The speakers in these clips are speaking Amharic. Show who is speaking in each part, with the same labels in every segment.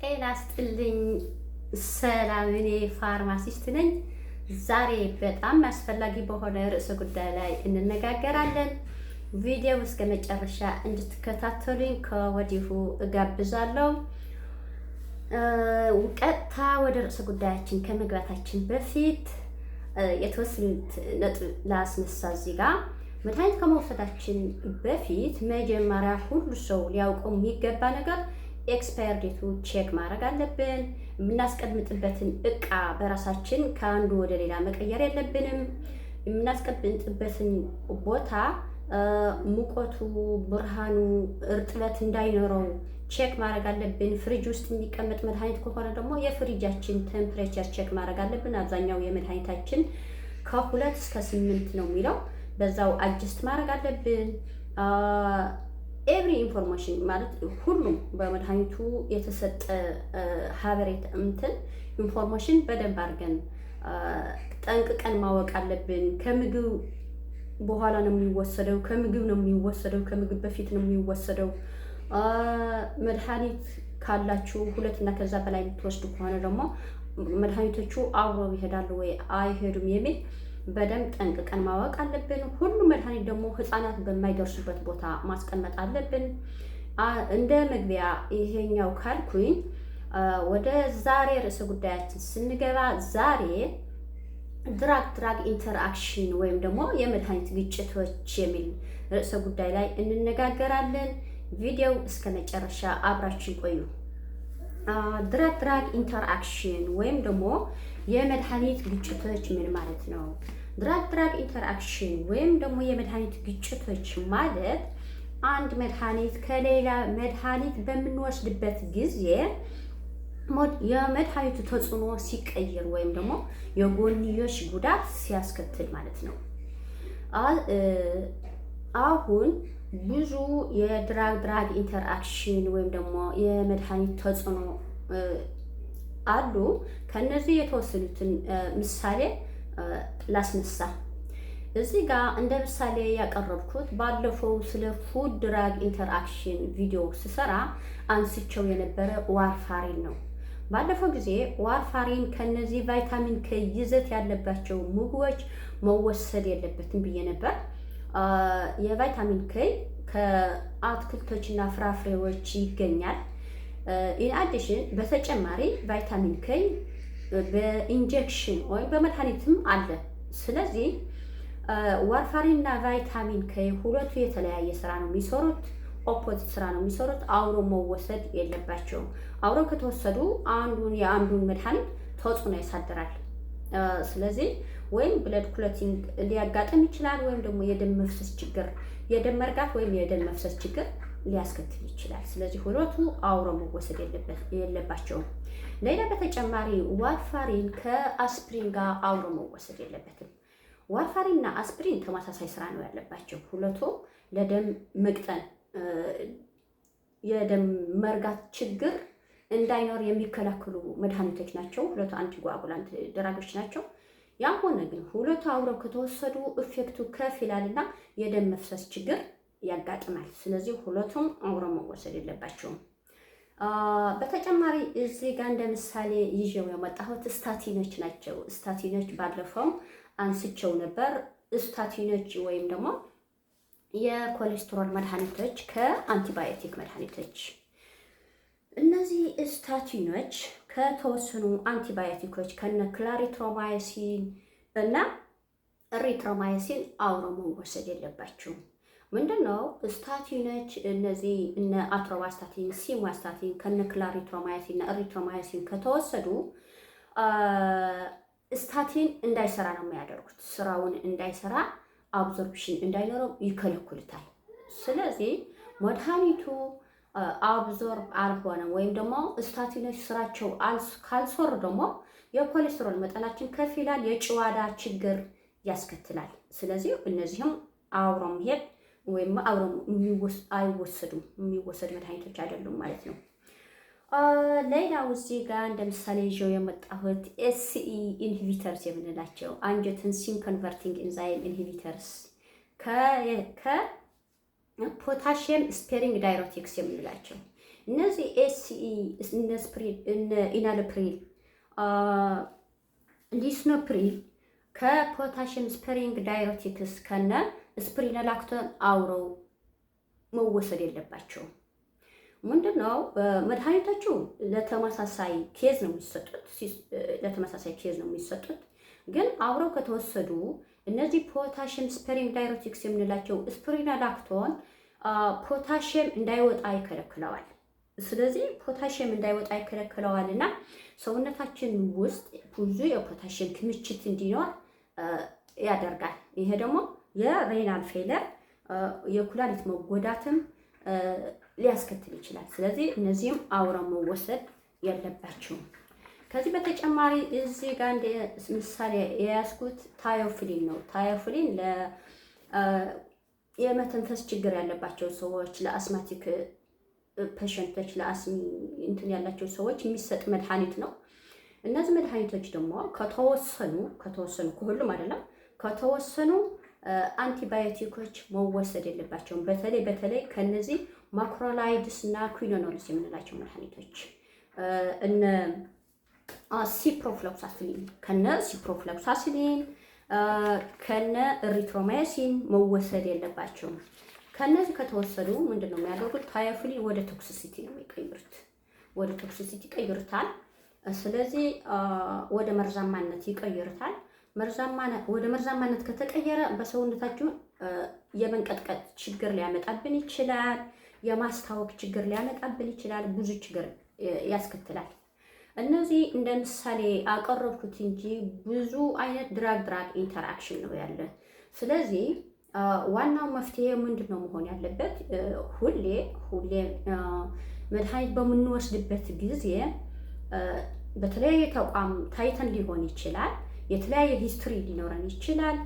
Speaker 1: ጤና ስጥልኝ። ሰላም፣ እኔ ፋርማሲስት ነኝ። ዛሬ በጣም አስፈላጊ በሆነ ርዕሰ ጉዳይ ላይ እንነጋገራለን። ቪዲዮ እስከ መጨረሻ እንድትከታተሉኝ ከወዲሁ እጋብዛለሁ። ቀጥታ ወደ ርዕሰ ጉዳያችን ከመግባታችን በፊት የተወሰኑት ነጥብ ላስነሳ እዚህ ጋር መድኃኒት ከመውሰዳችን በፊት መጀመሪያ ሁሉ ሰው ሊያውቀው የሚገባ ነገር ኤክስፓየር ዴቱ ቼክ ማድረግ አለብን። የምናስቀምጥበትን እቃ በራሳችን ከአንዱ ወደ ሌላ መቀየር የለብንም። የምናስቀምጥበትን ቦታ ሙቀቱ፣ ብርሃኑ፣ እርጥበት እንዳይኖረው ቼክ ማድረግ አለብን። ፍሪጅ ውስጥ የሚቀመጥ መድኃኒት ከሆነ ደግሞ የፍሪጃችን ቴምፕሬቸር ቼክ ማድረግ አለብን። አብዛኛው የመድኃኒታችን ከሁለት እስከ ስምንት ነው የሚለው በዛው አጅስት ማድረግ አለብን። ኤቭሪ ኢንፎርሜሽን ማለት ሁሉም በመድኃኒቱ የተሰጠ ሀበሬት እንትን ኢንፎርሜሽን በደንብ አድርገን ጠንቅቀን ማወቅ አለብን። ከምግብ በኋላ ነው የሚወሰደው፣ ከምግብ ነው የሚወሰደው፣ ከምግብ በፊት ነው የሚወሰደው። መድኃኒት ካላችሁ ሁለት እና ከዛ በላይ የምትወስዱ ከሆነ ደግሞ መድኃኒቶቹ አብረው ይሄዳሉ ወይ አይሄዱም የሚል በደንብ ጠንቅቀን ማወቅ አለብን። ሁሉ መድኃኒት ደግሞ ህፃናት በማይደርሱበት ቦታ ማስቀመጥ አለብን። እንደ መግቢያ ይሄኛው ካልኩኝ ወደ ዛሬ ርዕሰ ጉዳያችን ስንገባ ዛሬ ድራግ ድራግ ኢንተርአክሽን ወይም ደግሞ የመድኃኒት ግጭቶች የሚል ርዕሰ ጉዳይ ላይ እንነጋገራለን። ቪዲዮው እስከ መጨረሻ አብራችን ቆዩ። ድራግ ኢንተርአክሽን ወይም ደግሞ የመድኃኒት ግጭቶች ምን ማለት ነው? ድራግ ድራግ ኢንተርአክሽን ወይም ደግሞ የመድኃኒት ግጭቶች ማለት አንድ መድኃኒት ከሌላ መድኃኒት በምንወስድበት ጊዜ የመድኃኒቱ ተጽዕኖ ሲቀይር ወይም ደግሞ የጎንዮሽ ጉዳት ሲያስከትል ማለት ነው። አሁን ብዙ የድራግ ድራግ ኢንተርአክሽን ወይም ደግሞ የመድኃኒት ተጽዕኖ አሉ። ከነዚህ የተወሰኑትን ምሳሌ ላስነሳ። እዚህ ጋር እንደ ምሳሌ ያቀረብኩት ባለፈው ስለ ፉድ ድራግ ኢንተርአክሽን ቪዲዮ ስሰራ አንስቸው የነበረ ዋርፋሪን ነው። ባለፈው ጊዜ ዋርፋሪን ከነዚህ ቫይታሚን ከይዘት ያለባቸው ምግቦች መወሰድ የለበትም ብዬ ነበር። የቫይታሚን ኬ ከአትክልቶችና ፍራፍሬዎች ይገኛል። ኢንአዲሽን በተጨማሪ ቫይታሚን ኬ በኢንጀክሽን ወይም በመድኃኒትም አለ። ስለዚህ ዋርፋሪን እና ቫይታሚን ኬ ሁለቱ የተለያየ ስራ ነው የሚሰሩት፣ ኦፖዚት ስራ ነው የሚሰሩት። አብሮ መወሰድ የለባቸውም። አብሮ ከተወሰዱ አንዱን የአንዱን መድኃኒት ተጽዕኖ ያሳድራል። ስለዚህ ወይም ብለድ ክሎቲንግ ሊያጋጥም ይችላል። ወይም ደግሞ የደም መፍሰስ ችግር፣ የደም መርጋት ወይም የደም መፍሰስ ችግር ሊያስከትል ይችላል። ስለዚህ ሁለቱ አውሮ መወሰድ የለባቸውም። ሌላ በተጨማሪ ዋርፋሪን ከአስፕሪን ጋር አውሮ መወሰድ የለበትም። ዋርፋሪን እና አስፕሪን ተመሳሳይ ስራ ነው ያለባቸው። ሁለቱም ለደም መቅጠን የደም መርጋት ችግር እንዳይኖር የሚከላከሉ መድኃኒቶች ናቸው። ሁለቱ አንቲኮአጉላንት ደራጊዎች ናቸው። ያም ሆነ ግን ሁለቱ አብረው ከተወሰዱ ኢፌክቱ ከፍ ይላልና የደም መፍሰስ ችግር ያጋጥማል። ስለዚህ ሁለቱም አብረው መወሰድ የለባቸውም። በተጨማሪ እዚህ ጋር እንደ ምሳሌ ይዤው ያመጣሁት ስታቲኖች ናቸው። ስታቲኖች ባለፈው አንስቸው ነበር። ስታቲኖች ወይም ደግሞ የኮሌስትሮል መድኃኒቶች ከአንቲባዮቲክ መድኃኒቶች እነዚህ ስታቲኖች ከተወሰኑ አንቲባዮቲኮች ከነ ክላሪትሮማይሲን እና ሪትሮማይሲን አብሮ መወሰድ የለባችሁም። ምንድን ነው ስታቲኖች፣ እነዚህ እነ አትሮባስታቲን፣ ሲማስታቲን ከነ ክላሪትሮማይሲን እና ሪትሮማይሲን ከተወሰዱ ስታቲን እንዳይሰራ ነው የሚያደርጉት። ስራውን እንዳይሰራ አብዞርፕሽን እንዳይኖረው ይከለኩልታል። ስለዚህ መድኃኒቱ አብዞርብ አልሆነም ወይም ደግሞ ስታቲኖች ስራቸው ካልሰሩ ደግሞ የኮሌስትሮል መጠናችን ከፍ ይላል፣ የጭዋዳ ችግር ያስከትላል። ስለዚህ እነዚህም አብሮ መሄድ ወይም አብሮ አይወሰዱም፣ የሚወሰድ መድኃኒቶች አይደሉም ማለት ነው። ሌላው እዚህ ጋር እንደ ምሳሌ ይዤው የመጣሁት ኤስሲ ኢንሂቢተርስ የምንላቸው አንጀትን ኮንቨርቲንግ ኢንዛይም ኢንሂቢተርስ ከ ፖታሽየም ስፔሪንግ ዳይሮቲክስ የምንላቸው እነዚህ ኤስሲኢ እነ ኢናልፕሪል ሊስኖፕሪል ከፖታሽየም ስፔሪንግ ዳይሮቲክስ ከነ ስፕሪነላክቶን አውረው መወሰድ የለባቸውም። ምንድነው መድኃኒቶቹ ለተመሳሳይ ኬዝ ነው የሚሰጡት፣ ለተመሳሳይ ኬዝ ነው የሚሰጡት። ግን አብረው ከተወሰዱ እነዚህ ፖታሽም ስፐሪንግ ዳይሮቲክስ የምንላቸው ስፕሪናዳክቶን ፖታሽየም እንዳይወጣ ይከለክለዋል። ስለዚህ ፖታሽየም እንዳይወጣ ይከለክለዋል እና ሰውነታችን ውስጥ ብዙ የፖታሽየም ክምችት እንዲኖር ያደርጋል። ይሄ ደግሞ የሬናል ፌለር የኩላሊት መጎዳትም ሊያስከትል ይችላል። ስለዚህ እነዚህም አብረው መወሰድ የለባቸውም። ከዚህ በተጨማሪ እዚህ ጋር እንደ ምሳሌ የያዝኩት ታዮፍሊን ነው። ታዮፍሊን ለ የመተንፈስ ችግር ያለባቸው ሰዎች፣ ለአስማቲክ ፔሸንቶች፣ ለአስም እንትን ያላቸው ሰዎች የሚሰጥ መድኃኒት ነው። እነዚህ መድኃኒቶች ደግሞ ከተወሰኑ ከተወሰኑ ከሁሉም አይደለም ከተወሰኑ አንቲባዮቲኮች መወሰድ የለባቸውም። በተለይ በተለይ ከነዚህ ማክሮላይድስ እና ኩዊኖኖልስ የምንላቸው መድኃኒቶች እነ ሲፕሮፍሎክሳሲሊን ከነ ሲፕሮፍሎክሳሲሊን ከነ ኢሪትሮማይሲን መወሰድ የለባቸውም። ከነዚህ ከተወሰዱ ምንድነው የሚያደርጉት? ታያፍሊን ወደ ቶክሲሲቲ ነው የሚቀይሩት፣ ወደ ቶክሲሲቲ ይቀይሩታል። ስለዚህ ወደ መርዛማነት ይቀይሩታል። ወደ መርዛማነት ከተቀየረ በሰውነታችን የመንቀጥቀጥ ችግር ሊያመጣብን ይችላል። የማስታወክ ችግር ሊያመጣብን ይችላል። ብዙ ችግር ያስከትላል። እነዚህ እንደ ምሳሌ አቀረብኩት እንጂ ብዙ አይነት ድራግ ድራግ ኢንተራክሽን ነው ያለ። ስለዚህ ዋናው መፍትሄ ምንድን ነው መሆን ያለበት? ሁሌ ሁሌ መድኃኒት በምንወስድበት ጊዜ በተለያየ ተቋም ታይተን ሊሆን ይችላል። የተለያየ ሂስትሪ ሊኖረን ይችላል።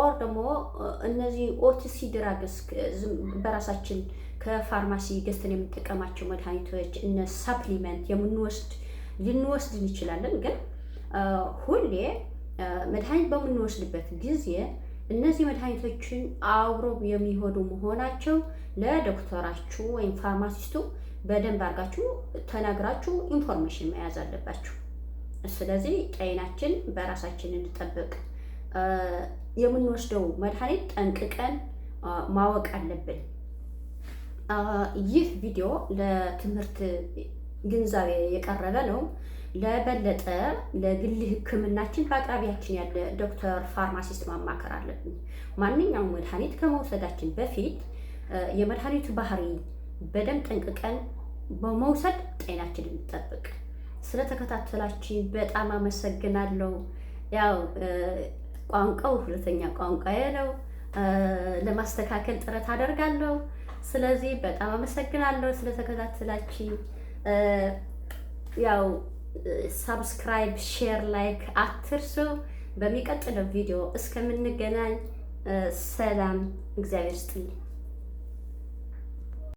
Speaker 1: ኦር ደግሞ እነዚህ ኦቲሲ ድራግስ በራሳችን ከፋርማሲ ገዝተን የምንጠቀማቸው መድኃኒቶች እነ ሳፕሊመንት የምንወስድ ልንወስድ እንችላለን። ግን ሁሌ መድኃኒት በምንወስድበት ጊዜ እነዚህ መድኃኒቶችን አብሮ የሚሆኑ መሆናቸው ለዶክተራችሁ ወይም ፋርማሲስቱ በደንብ አድርጋችሁ ተናግራችሁ ኢንፎርሜሽን መያዝ አለባችሁ። ስለዚህ ጤናችን በራሳችን እንጠብቅ። የምንወስደው መድኃኒት ጠንቅቀን ማወቅ አለብን። ይህ ቪዲዮ ለትምህርት ግንዛቤ የቀረበ ነው። ለበለጠ ለግል ሕክምናችን በአቅራቢያችን ያለ ዶክተር ፋርማሲስት ማማከር አለብን። ማንኛውም መድኃኒት ከመውሰዳችን በፊት የመድኃኒቱ ባህሪ በደንብ ጠንቅቀን በመውሰድ ጤናችን እንጠብቅ። ስለተከታተላችን በጣም አመሰግናለሁ። ያው ቋንቋው ሁለተኛ ቋንቋዬ ነው፣ ለማስተካከል ጥረት አደርጋለሁ። ስለዚህ በጣም አመሰግናለሁ ስለተከታተላችን። ያው ሳብስክራይብ፣ ሼር፣ ላይክ አትርሱ። በሚቀጥለው ቪዲዮ እስከምንገናኝ ሰላም፣ እግዚአብሔር ይስጥልኝ።